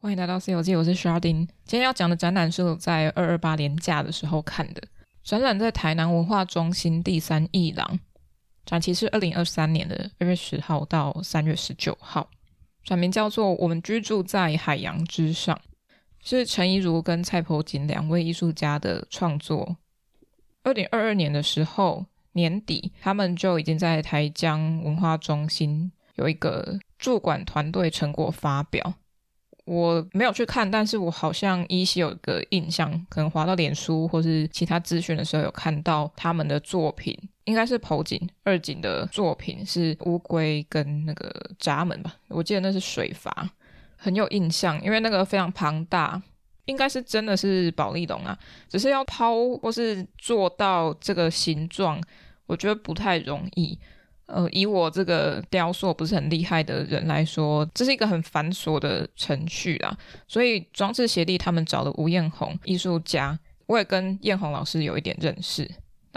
歡迎來到 Ｃ 遊記，我是 Chardin。今天要講的展覽是我在二二八年假的時候看的展覽，在台南文化中心第三藝廊。展期是二零二三年的二月十號到三月十九號。展名叫做《我們居住在海洋之上》，是陳怡如跟蔡咅璟兩位藝術家的創作。二零二二年的時候年底，他們就已經在台江文化中心有一個駐館團隊成果發表。我沒有去看，但是我好像依稀有一個印象，可能滑到臉書或是其他資訊的時候有看到他們的作品，應該是浦井二井的作品，是烏龜跟那個閘門吧，我記得那是水閥，很有印象，因為那個非常龐大，應該是真的是保麗龍啊，只是要拋或是做到這個形狀，我覺得不太容易。呃，以我這個雕塑不是很厲害的人來說，這是一個很繁瑣的程序。啦所以裝置協力他們找了吳彥宏藝術家，我也跟彥宏老師有一點認識。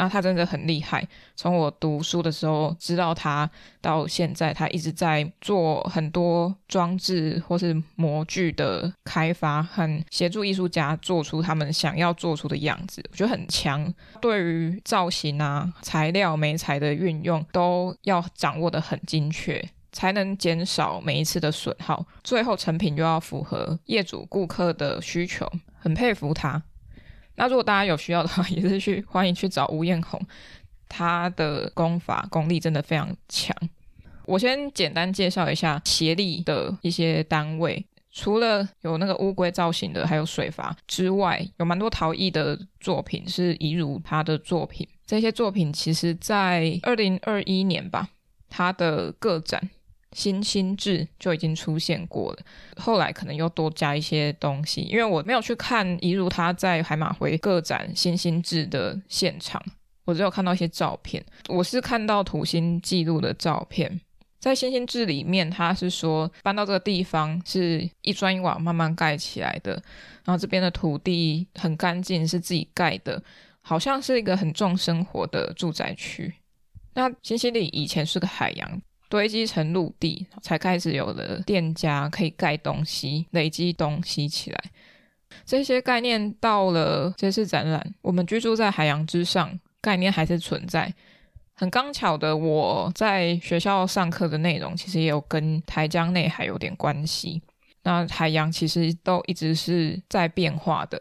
那、啊、他真的很厲害。從我讀書的時候知道他，到現在他一直在做很多裝置或是模具的開發，很協助藝術家做出他們想要做出的樣子。我覺得很強，對於造型啊、材料、媒材的運用都要掌握得很精確，才能減少每一次的損耗，最後成品又要符合業主、顧客的需求。很佩服他。那如果大家有需要的話，也是去歡迎去找吳彥宏，他的功法功力真的非常強。我先簡單介紹一下協力的一些單位，除了有那個烏龜造型的，還有水閥之外，有蠻多陶藝的作品是怡如他的作品。這些作品其實，在二零二一年吧，他的個展。新興志就已經出現過了，後來可能又多加一些東西，因為我沒有去看怡如他在海馬回個展新興志的現場，我只有看到一些照片。我是看到土星記錄的照片，在新興志裡面，他是說搬到這個地方是一磚一瓦慢慢蓋起來的，然後這邊的土地很乾淨，是自己蓋的，好像是一個很重生活的住宅區。那新興里以前是個海洋。堆積成陸地，才開始有了店家可以蓋東西，累積東西起來。這些概念到了這次展覽，我們居住在海洋之上，概念還是存在。很剛巧的，我在學校上課的內容，其實也有跟台江內海有點關係。那海洋其實都一直是在變化的，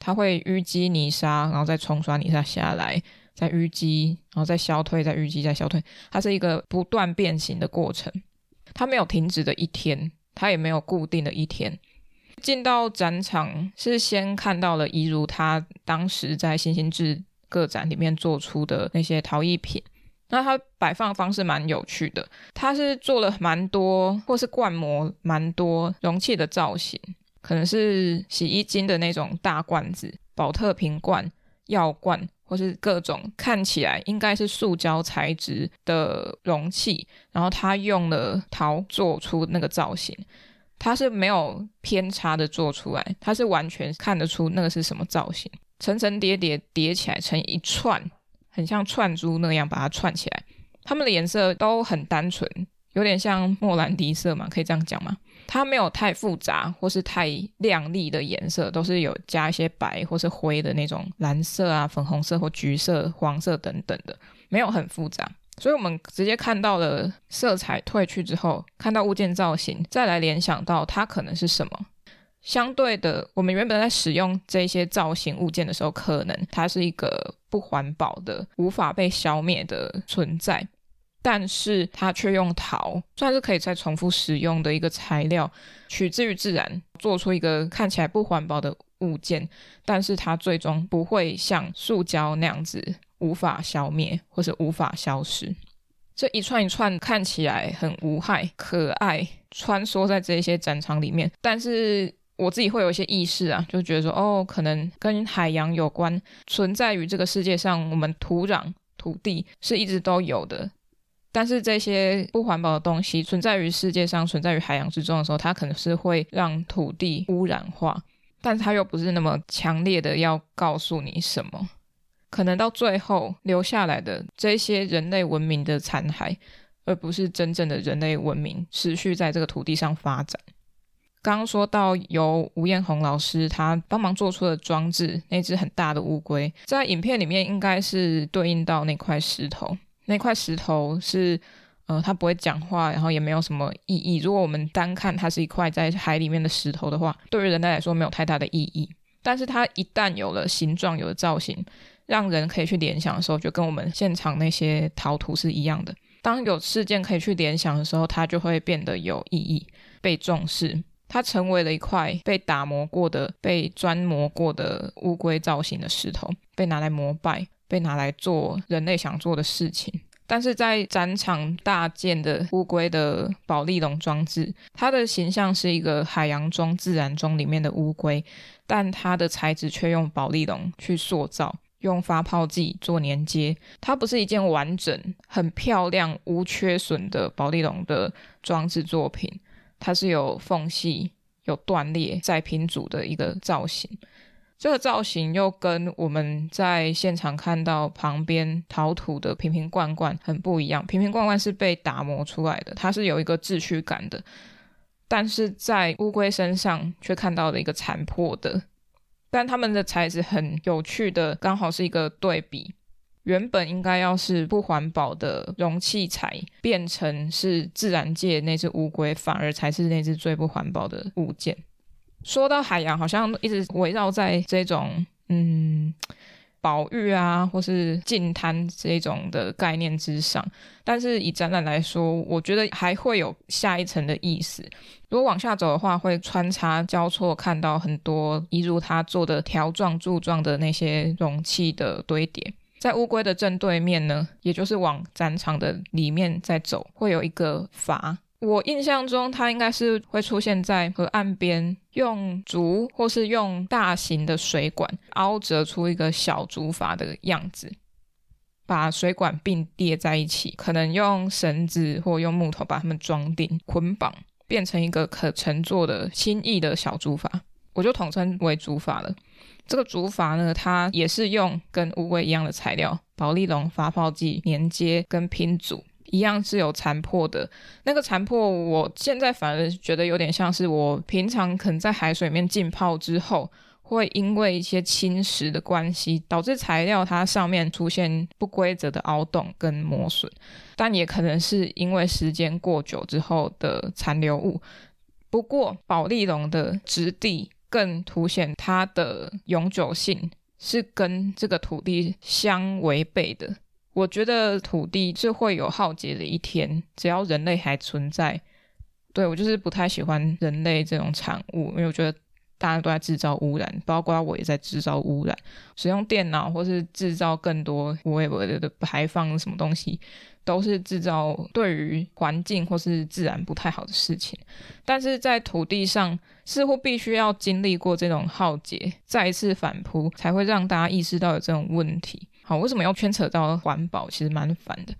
它會淤積泥沙，然後再沖刷泥沙下來。在淤積，然後再消退，再淤積，再消退，它是一個不斷變形的過程，它沒有停止的一天，它也沒有固定的一天。進到展場是先看到了怡如它當時在新興志個展裡面做出的那些陶藝品，那它擺放方式蠻有趣的，它是做了蠻多或是灌模蠻多容器的造型，可能是洗衣精的那種大罐子、寶特瓶罐、藥罐。或是各種看起來應該是塑膠材質的容器，然後他用了陶做出那個造型，它是沒有偏差的做出來，它是完全看得出那個是什麼造型，層層疊疊疊，疊起來成一串，很像串珠那樣把它串起來。它們的顏色都很單純，有點像莫蘭迪色嘛，可以這樣講嗎？它沒有太複雜或是太亮麗的顏色，都是有加一些白或是灰的那種藍色啊、粉紅色或橘色、黃色等等的，沒有很複雜。所以，我們直接看到了色彩褪去之後，看到物件造型，再來聯想到它可能是什麼。相對的，我們原本在使用這些造型物件的時候，可能它是一個不環保的、無法被消滅的存在。但是它卻用陶，算是可以再重複使用的一個材料，取自於自然，做出一個看起來不環保的物件，但是它最終不會像塑膠那樣子無法消滅或是無法消失。這一串一串看起來很無害、可愛，穿梭在這些展場裡面。但是我自己會有一些意識啊，就覺得說哦，可能跟海洋有關，存在於這個世界上，我們土壤、土地是一直都有的。但是這些不環保的東西存在於世界上，存在於海洋之中的時候，它可能是會讓土地污染化，但它又不是那麼強烈的要告訴你什麼。可能到最後留下來的這些人類文明的殘骸，而不是真正的人類文明持續在這個土地上發展。剛剛說到由吳彥宏老師他幫忙做出的裝置，那隻很大的烏龜，在影片裡面應該是對應到那塊石頭。那塊石頭是，呃，它不會講話，然後也沒有什麼意義。如果我們單看它是一塊在海裡面的石頭的話，對於人類來，來說沒有太大的意義。但是它一旦有了形狀、有了造型，讓人可以去聯想的時候，就跟我們現場那些陶土是一樣的。當有事件可以去聯想的時候，它就會變得有意義、被重視。它成為了一塊被打磨過的、被鑽磨過的烏龜造型的石頭，被拿來膜拜。被拿來做人類想做的事情，但是在展場大件的烏龜的保麗龍裝置，它的形象是一個海洋中、自然中裡面的烏龜，但它的材質卻用保麗龍去塑造，用發泡劑做連接，它不是一件完整、很漂亮、無缺損的保麗龍的裝置作品，它是有縫隙、有斷裂、再拼組的一個造型。這個造型又跟我們在現場看到旁邊陶土的瓶瓶罐罐很不一樣。瓶瓶罐罐是被打磨出來的，它是有一個秩序感的，但是在烏龜身上卻看到了一個殘破的。但他們的材質很有趣的，剛好是一個對比。原本應該要是不環保的容器材，變成是自然界那隻烏龜，反而才是那隻最不環保的物件。說到海洋，好像一直圍繞在這種嗯保育啊，或是淨灘這種的概念之上。但是以展覽來說，我覺得還會有下一層的意思。如果往下走的話，會穿插交錯，看到很多，一如他做的條狀、柱狀的那些容器的堆疊。在烏龜的正對面呢，也就是往展場的裡面再走，會有一個筏。我印象中，它應該是會出現在河岸邊，用竹或是用大型的水管凹折出一個小竹筏的樣子，把水管並疊在一起，可能用繩子或用木頭把它們裝訂捆綁，變成一個可乘坐的輕易的小竹筏。我就統稱為竹筏了。這個竹筏呢，它也是用跟烏龜一樣的材料——保麗龍發泡劑連接跟拼組。一樣是有殘破的，那個殘破，我現在反而覺得有點像是我平常可能在海水裡面浸泡之後，會因為一些侵蝕的關係，導致材料它上面出現不規則的凹洞跟磨損，但也可能是因為時間過久之後的殘留物。不過，保麗龍的質地更凸顯它的永久性，是跟這個土地相違背的。我覺得土地是會有浩劫的一天，只要人類還存在，對，我就是不太喜歡人類這種產物，因為我覺得大家都在制造污染，包括我也在制造污染，使用電腦或是制造更多我也不會覺得排放，什麼東西都是制造對於環境或是自然不太好的事情。但是在土地上，似乎必須要經歷過這種浩劫，再一次反撲，才會讓大家意識到有這種問題。好，為什麼要牽扯到環保？其實蠻煩的。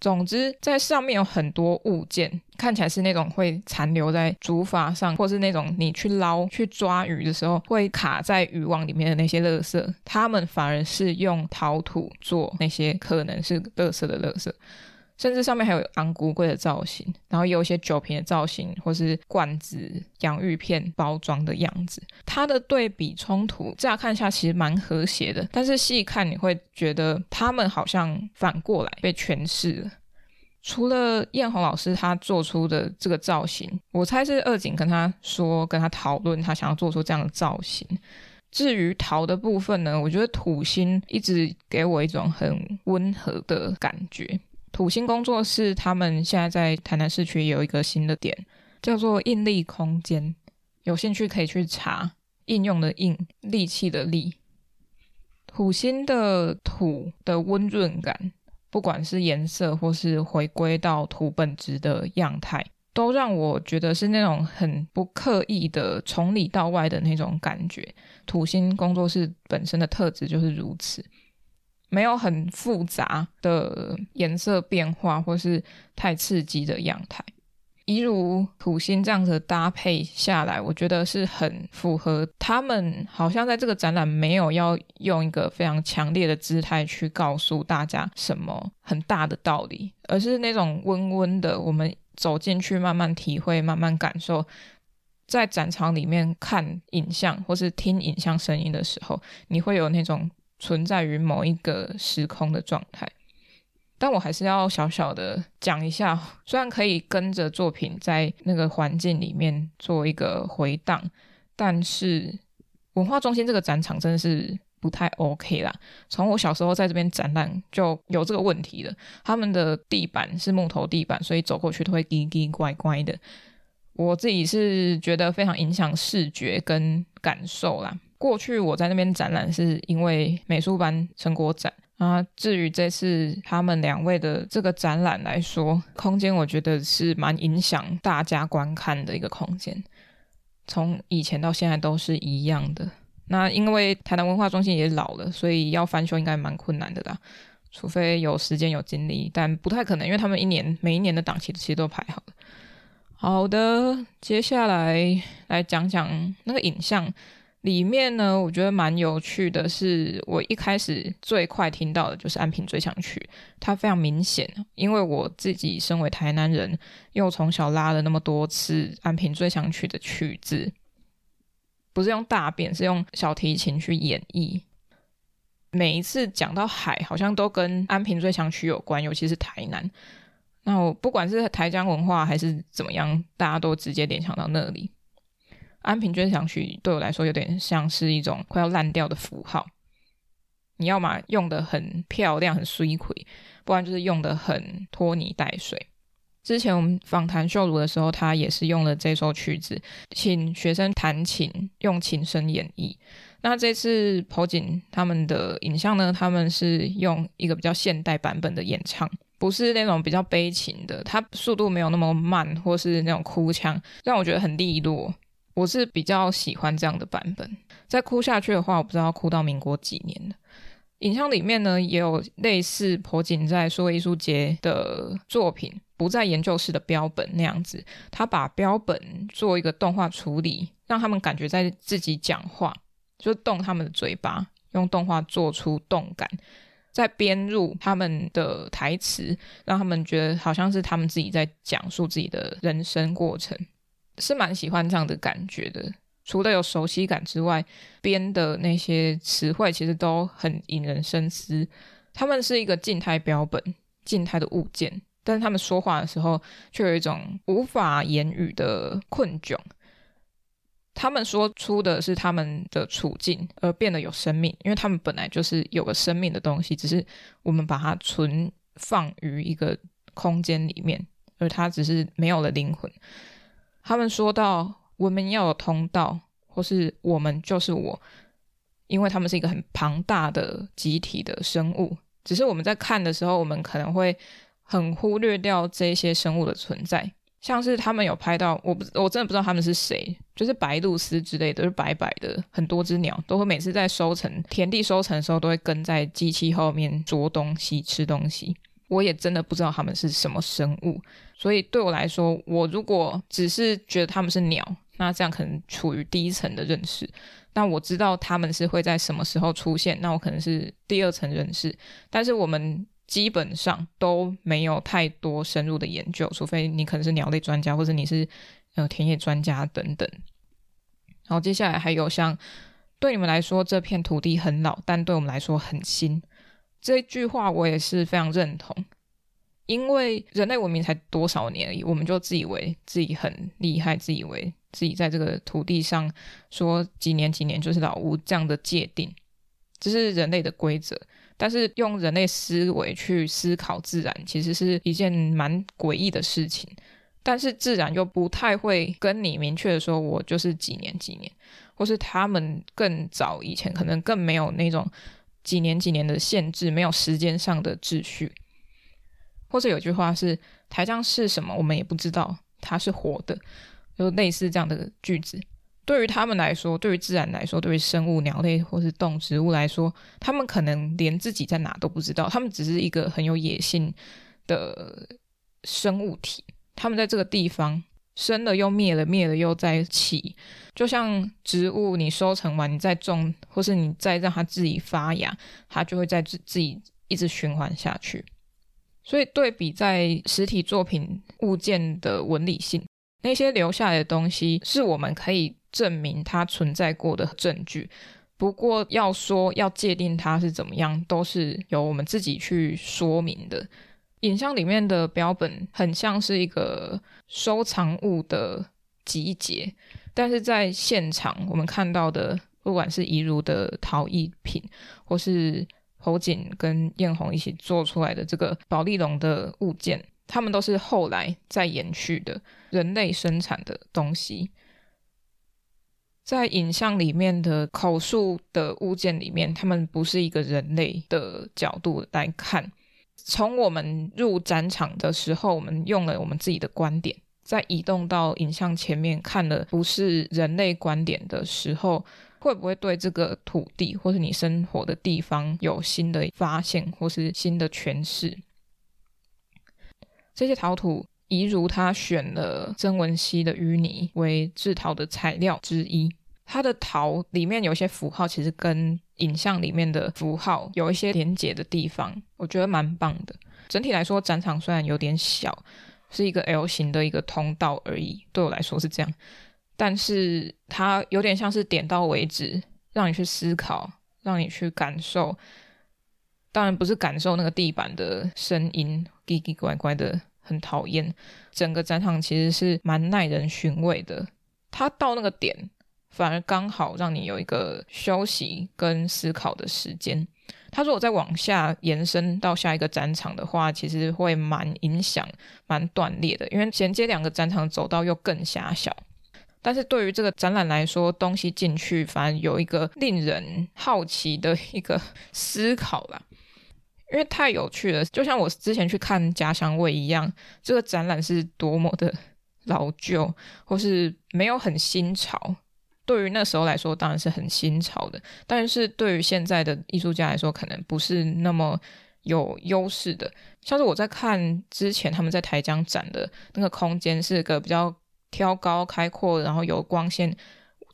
總之，在上面有很多物件，看起來是那種會殘留在竹筏上，或是那種你去撈去抓魚的時候會卡在漁網裡面的那些垃圾，他們反而是用陶土做那些可能是垃圾的垃圾。甚至上面還有昂古貴的造型，然後也有一些酒瓶的造型，或是罐子、洋芋片包裝的樣子。它的對比衝突，乍看下其實蠻和諧的，但是細看你會覺得它們好像反過來被詮釋了。除了豔紅老師他做出的這個造型，我猜是咅璟跟他說、跟他討論，他想要做出這樣的造型。至於陶的部分呢，我覺得土星一直給我一種很溫和的感覺。土星工作室，他們現在在台南市區有一個新的點，叫做“應力空間”。有興趣可以去查。應用的“應”，力氣的“力”，土星的“土”的溫潤感，不管是顏色或是回歸到土本質的樣態，都讓我覺得是那種很不刻意的，從裡到外的那種感覺。土星工作室本身的特質就是如此。沒有很複雜的顏色變化，或是太刺激的樣態，一如土星這樣子搭配下來，我覺得是很符合他們。好像在這個展覽沒有要用一個非常強烈的姿態去告訴大家什麼很大的道理，而是那種溫溫的。我們走進去，慢慢體會，慢慢感受，在展場裡面看影像或是聽影像聲音的時候，你會有那種。存在於某一個時空的狀態，但我還是要小小的講一下。雖然可以跟着作品在那個環境裡面做一個回盪，但是文化中心這個展場真的是不太 OK 啦。從我小時候在這邊展覽就有這個問題了。他們的地板是木頭地板，所以走過去都會叮叮怪怪怪的。我自己是覺得非常影響視覺跟感受啦。過去我在那邊展覽是因為美術班成果展啊。那至於這次他們兩位的這個展覽來說，空間我覺得是蠻影響大家觀看的一個空間。從以前到現在都是一樣的。那因為台南文化中心也老了，所以要翻修應該蠻困難的啦。除非有時間有精力，但不太可能，因為他們一年每一年的檔期其實都排好了。好的，接下來來講講那個影像。裡面呢，我覺得蠻有趣的是，是我一開始最快聽到的就是安平追想曲，它非常明顯，因為我自己身為台南人，又從小拉了那麼多次安平追想曲的曲子，不是用大便，是用小提琴去演繹。每一次講到海，好像都跟安平追想曲有關，尤其是台南。那我不管是台江文化還是怎麼樣，大家都直接聯想到那裡。《安平追想曲》對我來說有點像是一種快要爛掉的符號。你要嘛用的很漂亮，很衰魁，不然就是用的很拖泥帶水。之前我們訪談秀如的時候，他也是用了這首曲子，請學生彈琴，用琴聲演繹。那這次咅璟他們的影像呢？他們是用一個比較現代版本的演唱，不是那種比較悲情的，他速度沒有那麼慢，或是那種哭腔，讓我覺得很利落。我是比較喜歡這樣的版本。再哭下去的話，我不知道哭到民國幾年了。影像裡面呢，也有類似咅璟在數位藝術節的作品，《不在研究室的標本》那樣子，他把標本做一個動畫處理，讓他們感覺在自己講話，就動他們的嘴巴，用動畫做出動感，再編入他們的台詞，讓他們覺得好像是他們自己在講述自己的人生過程。是蠻喜歡這樣的感覺的，除了有熟悉感之外，編的那些詞彙其實都很引人深思。他們是一個靜態標本、靜態的物件，但是他們說話的時候卻有一種無法言語的困窘。他們說出的是他們的處境，而變得有生命，因為他們本來就是有了生命的東西，只是我們把它存放於一個空間裡面，而它只是沒有了靈魂。他們說到，我們要有通道，或是我們就是我，因為他們是一個很龐大的集體的生物。只是我們在看的時候，我們可能會很忽略掉這些生物的存在。像是他們有拍到，我不，我真的不知道他們是誰，就是白鷺鷥之類的，就是白白的，很多隻鳥都會每次在收成田地收成的時候，都會跟在機器後面啄東西吃東西。我也真的不知道它們是什麼生物，所以對我來說，我如果只是覺得他們是鳥，那這樣可能處於第一層的認識。那我知道他們是會在什麼時候出現，那我可能是第二層認識。但是我們基本上都沒有太多深入的研究，除非你可能是鳥類專家，或者你是呃田野專家等等。然後接下來還有像，對你們來說這片土地很老，但對我們來說很新。這句話我也是非常認同，因為人類文明才多少年而已，我們就自以為自己很厲害，自以為自己在這個土地上說幾年幾年就是老屋這樣的界定，這是人類的規則。但是用人類思維去思考自然，其實是一件蠻詭異的事情。但是自然又不太會跟你明確的說，我就是幾年幾年，或是他們更早以前可能更沒有那種。幾年幾年的限制，沒有時間上的秩序，或者有句話是“台江是什麼”，我們也不知道。它是活的，就類似這樣的句子。對於他們來說，對於自然來說，對於生物、鳥類或是動植物來說，他們可能連自己在哪都不知道。他們只是一個很有野性的生物體，他們在這個地方。生了又滅了，滅了又再起，就像植物，你收成完，你再種，或是你再讓它自己發芽，它就會在自自己一直循環下去。所以對比在實體作品物件的紋理性，那些留下來的東西是我們可以證明它存在過的證據。不過要說要界定它是怎麼樣，都是由我們自己去說明的。影像裡面的標本很像是一個收藏物的集結，但是在現場我們看到的，不管是怡如的陶藝品，或是侯錦跟艷紅一起做出來的這個保麗龍的物件，他們都是後來再延續的人類生產的東西。在影像裡面的口述的物件裡面，他們不是一個人類的角度來看。從我們入展場的時候，我們用了我們自己的觀點，在移動到影像前面看了不是人類觀點的時候，會不會對這個土地或是你生活的地方有新的發現或是新的詮釋？這些陶土，怡如他選了曾文溪的淤泥為製陶的材料之一。它的陶裡面有些符號，其實跟影像裡面的符號有一些連接的地方，我覺得蠻棒的。整體來說，展場雖然有點小，是一個 L 型的一個通道而已，對我來說是這樣。但是它有點像是點到為止，讓你去思考，讓你去感受。當然不是感受那個地板的聲音，嘰嘰乖乖的很討厭。整個展場其實是蠻耐人尋味的。它到那個點。反而剛好讓你有一個休息跟思考的時間。他如果再往下延伸到下一個展場的話，其實會蠻影響、蠻斷裂的，因為銜接兩個展場走道又更狹小。但是對於這個展覽來說，東西進去反而有一個令人好奇的一個思考啦，因為太有趣了。就像我之前去看家鄉味一樣，這個展覽是多麼的老舊，或是沒有很新潮。對於那時候來說，當然是很新潮的；但是對於現在的藝術家來說，可能不是那麼有優勢的。像是我在看之前他們在台江展的那個空間，是個比較挑高、開闊，然後有光線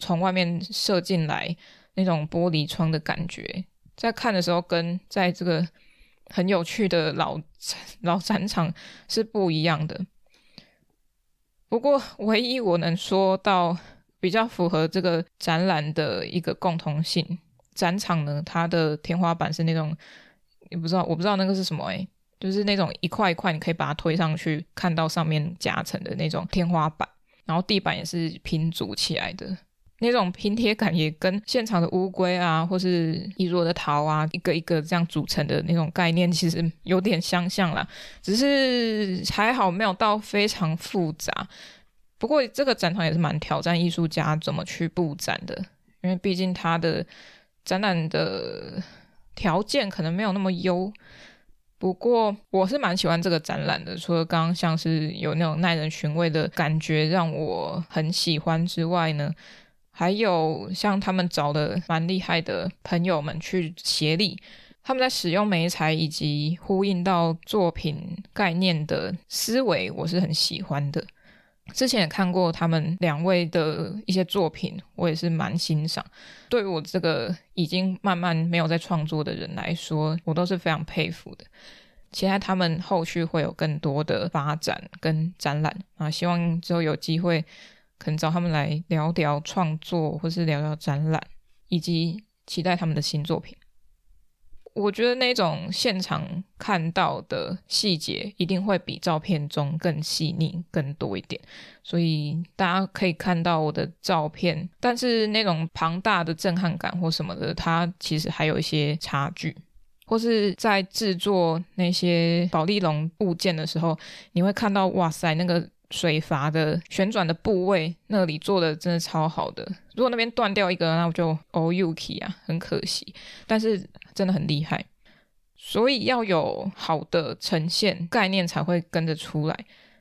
從外面射進來那種玻璃窗的感覺。在看的時候，跟在這個很有趣的老老展場是不一樣的。不過，唯一我能說到。比較符合這個展覽的一個共同性，展場呢，它的天花板是那種，也不知道，我不知道那個是什麼誒，就是那種一塊一塊你可以把它推上去，看到上面夾層的那種天花板，然後地板也是拼組起來的，那種拼貼感也跟現場的烏龜啊，或是一桌的桃啊，一個一個這樣組成的那種概念其實有點相像啦。只是還好沒有到非常複雜。不過這個展覽也是蠻挑戰藝術家怎麼去布展的，因為畢竟他的展覽的條件可能沒有那麼優。不過我是蠻喜歡這個展覽的，除了剛剛像是有那種耐人尋味的感覺讓我很喜歡之外呢，還有像他們找的蠻厲害的朋友們去協力，他們在使用媒材以及呼應到作品概念的思維，我是很喜歡的。之前也看過他們兩位的一些作品，我也是蠻欣賞。對於我這個已經慢慢沒有在創作的人來說，我都是非常佩服的。期待他們後續會有更多的發展跟展覽啊，希望之後有機會可能找他們來聊聊創作，或是聊聊展覽，以及期待他們的新作品。我覺得那種現場看到的細節一定會比照片中更細膩、更多一點，所以大家可以看到我的照片，但是那種龐大的震撼感或什麼的，它其實還有一些差距。或是在製作那些保麗龍物件的時候，你會看到，哇塞，那個。水閥的旋轉的部位那裡做得真的超好的，如果那邊斷掉一個，那我就 alluki、oh, 啊，很可惜，但是真的很厲害，所以要有好的呈現概念才會跟着出來。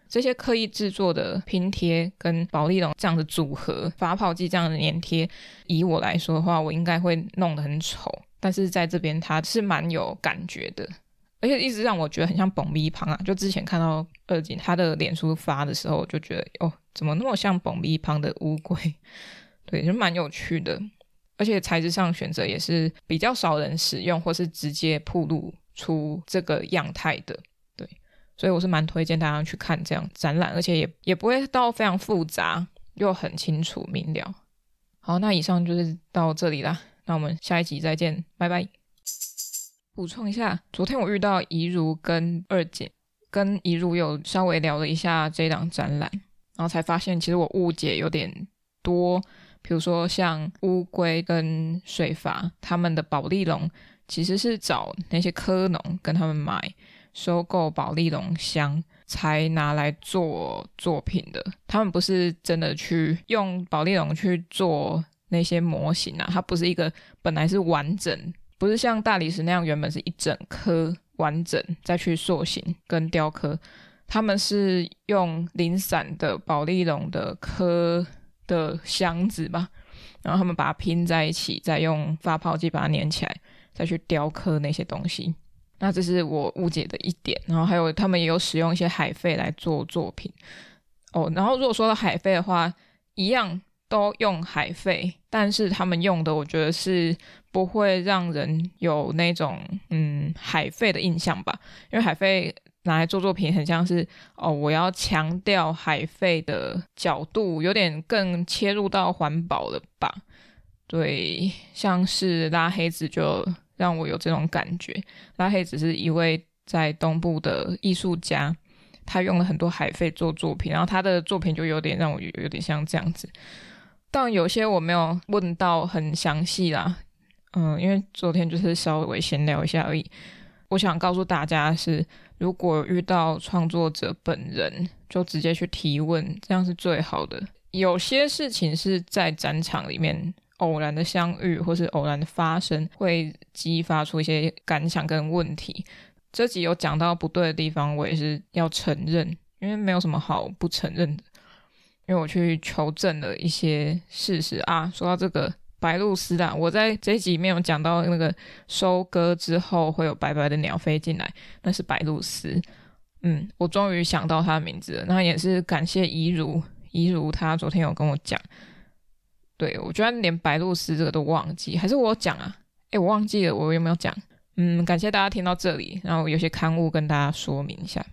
這些刻意制作的拼貼跟保麗龍這樣的組合，發泡劑這樣的粘貼，以我來說的話，我應該會弄得很醜，但是在這邊它是蠻有感覺的。而且一直讓我覺得很像蹦比一旁啊！就之前看到二井他的臉書發的時候，就覺得哦，怎麼那麼像蹦比一旁的烏龜？對，就蠻有趣的。而且材質上選擇也是比較少人使用，或是直接曝露出這個樣態的。對，所以我是蠻推薦大家去看這樣展覽，而且也也不會到非常複雜又很清楚明了。好，那以上就是到這裡啦，那我們下一集再見，拜拜。補充一下，昨天我遇到怡如跟二姐，跟怡如有稍微聊了一下這一檔展覽，然後才發現其實我誤解有點多，比如說像烏龜跟水閥，他們的保麗龍其實是找那些科農跟他們買收購保麗龍箱才拿來做作品的，他們不是真的去用保麗龍去做那些模型啊，它不是一個本來是完整，不是像大理石那樣原本是一整顆完整再去塑形跟雕刻，他們是用零散的保麗龍的顆的箱子吧，然後他們把它拼在一起，再用發泡劑把它粘起來，再去雕刻那些東西。那這是我誤解的一點。然後還有他們也有使用一些海廢來做作品哦。然後如果說到海廢的話，一樣。都用海廢，但是他們用的，我覺得是不會讓人有那種嗯海廢的印象吧？因為海廢拿來做作品，很像是哦，我要強調海廢的角度，有點更切入到環保了吧？對，像是拉黑子就讓我有這種感覺。拉黑子是一位在東部的藝術家，他用了很多海廢做作品，然後他的作品就有點讓我有點像這樣子。但有些我沒有問到很詳細啦，嗯，因為昨天就是稍微閒聊一下而已。我想告訴大家是，如果遇到創作者本人，就直接去提問，這樣是最好的。有些事情是在展場裡面偶然的相遇或是偶然的發生，會激發出一些感想跟問題。這集有講到不對的地方，我也是要承認，因為沒有什麼好不承認的。因為我去求證了一些事實啊。說到這個白鷺鷥啊，我在這集裡面有講到那個收割之後會有白白的鳥飛進來，那是白鷺鷥。嗯，我終於想到它的名字了，那也是感謝怡如，怡如她昨天有跟我講。對，我居然連白鷺鷥這個都忘記，還是我講啊？誒，我忘記了，我有沒有講？嗯，感謝大家聽到這裡，然後有些刊物跟大家說明一下。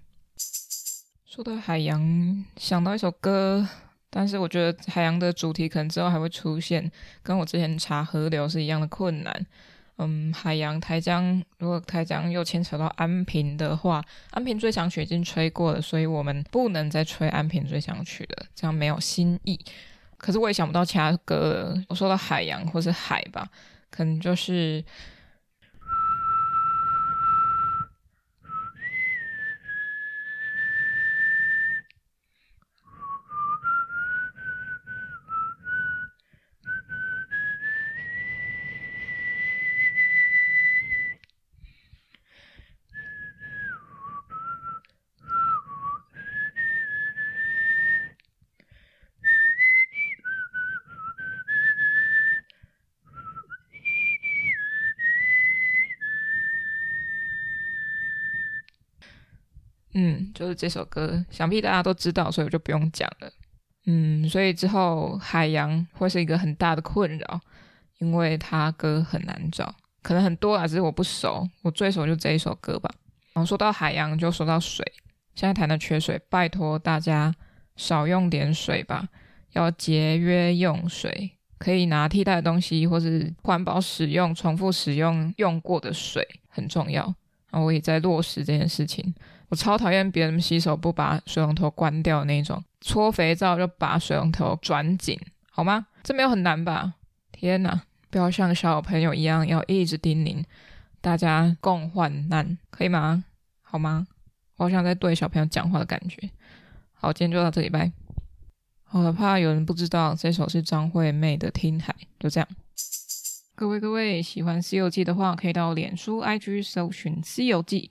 說到海洋，想到一首歌，但是我覺得海洋的主題可能之後還會出現，跟我之前查河流是一樣的困難。嗯，海洋台江，如果台江又牽扯到安平的話，安平追想曲已經吹過了，所以我們不能再吹安平追想曲了，這樣沒有新意。可是我也想不到其他歌了。我說到海洋或是海吧，可能就是。嗯，就是這首歌，想必大家都知道，所以我就不用講了。嗯，所以之後海洋會是一個很大的困擾，因為它歌很難找，可能很多啊，只是我不熟，我最熟就這一首歌吧。然後說到海洋，就說到水，現在談到缺水，拜託大家少用點水吧，要節約用水，可以拿替代的東西或是環保使用、重複使用用過的水很重要。然後我也在落實這件事情。我超討厭別人洗手不把水龍頭關掉的那種，搓肥皂就把水龍頭轉緊，好嗎？這沒有很難吧？天哪！不要像小朋友一樣，要一直叮嚀大家共患難，可以嗎？好嗎？我好像在對小朋友講話的感覺。好，今天就到這裡拜。好了，怕有人不知道這首是張惠妹的《聽海》，就這樣。各位各位，喜歡《C 遊記》的話，可以到臉書 IG 搜尋《C 遊記》。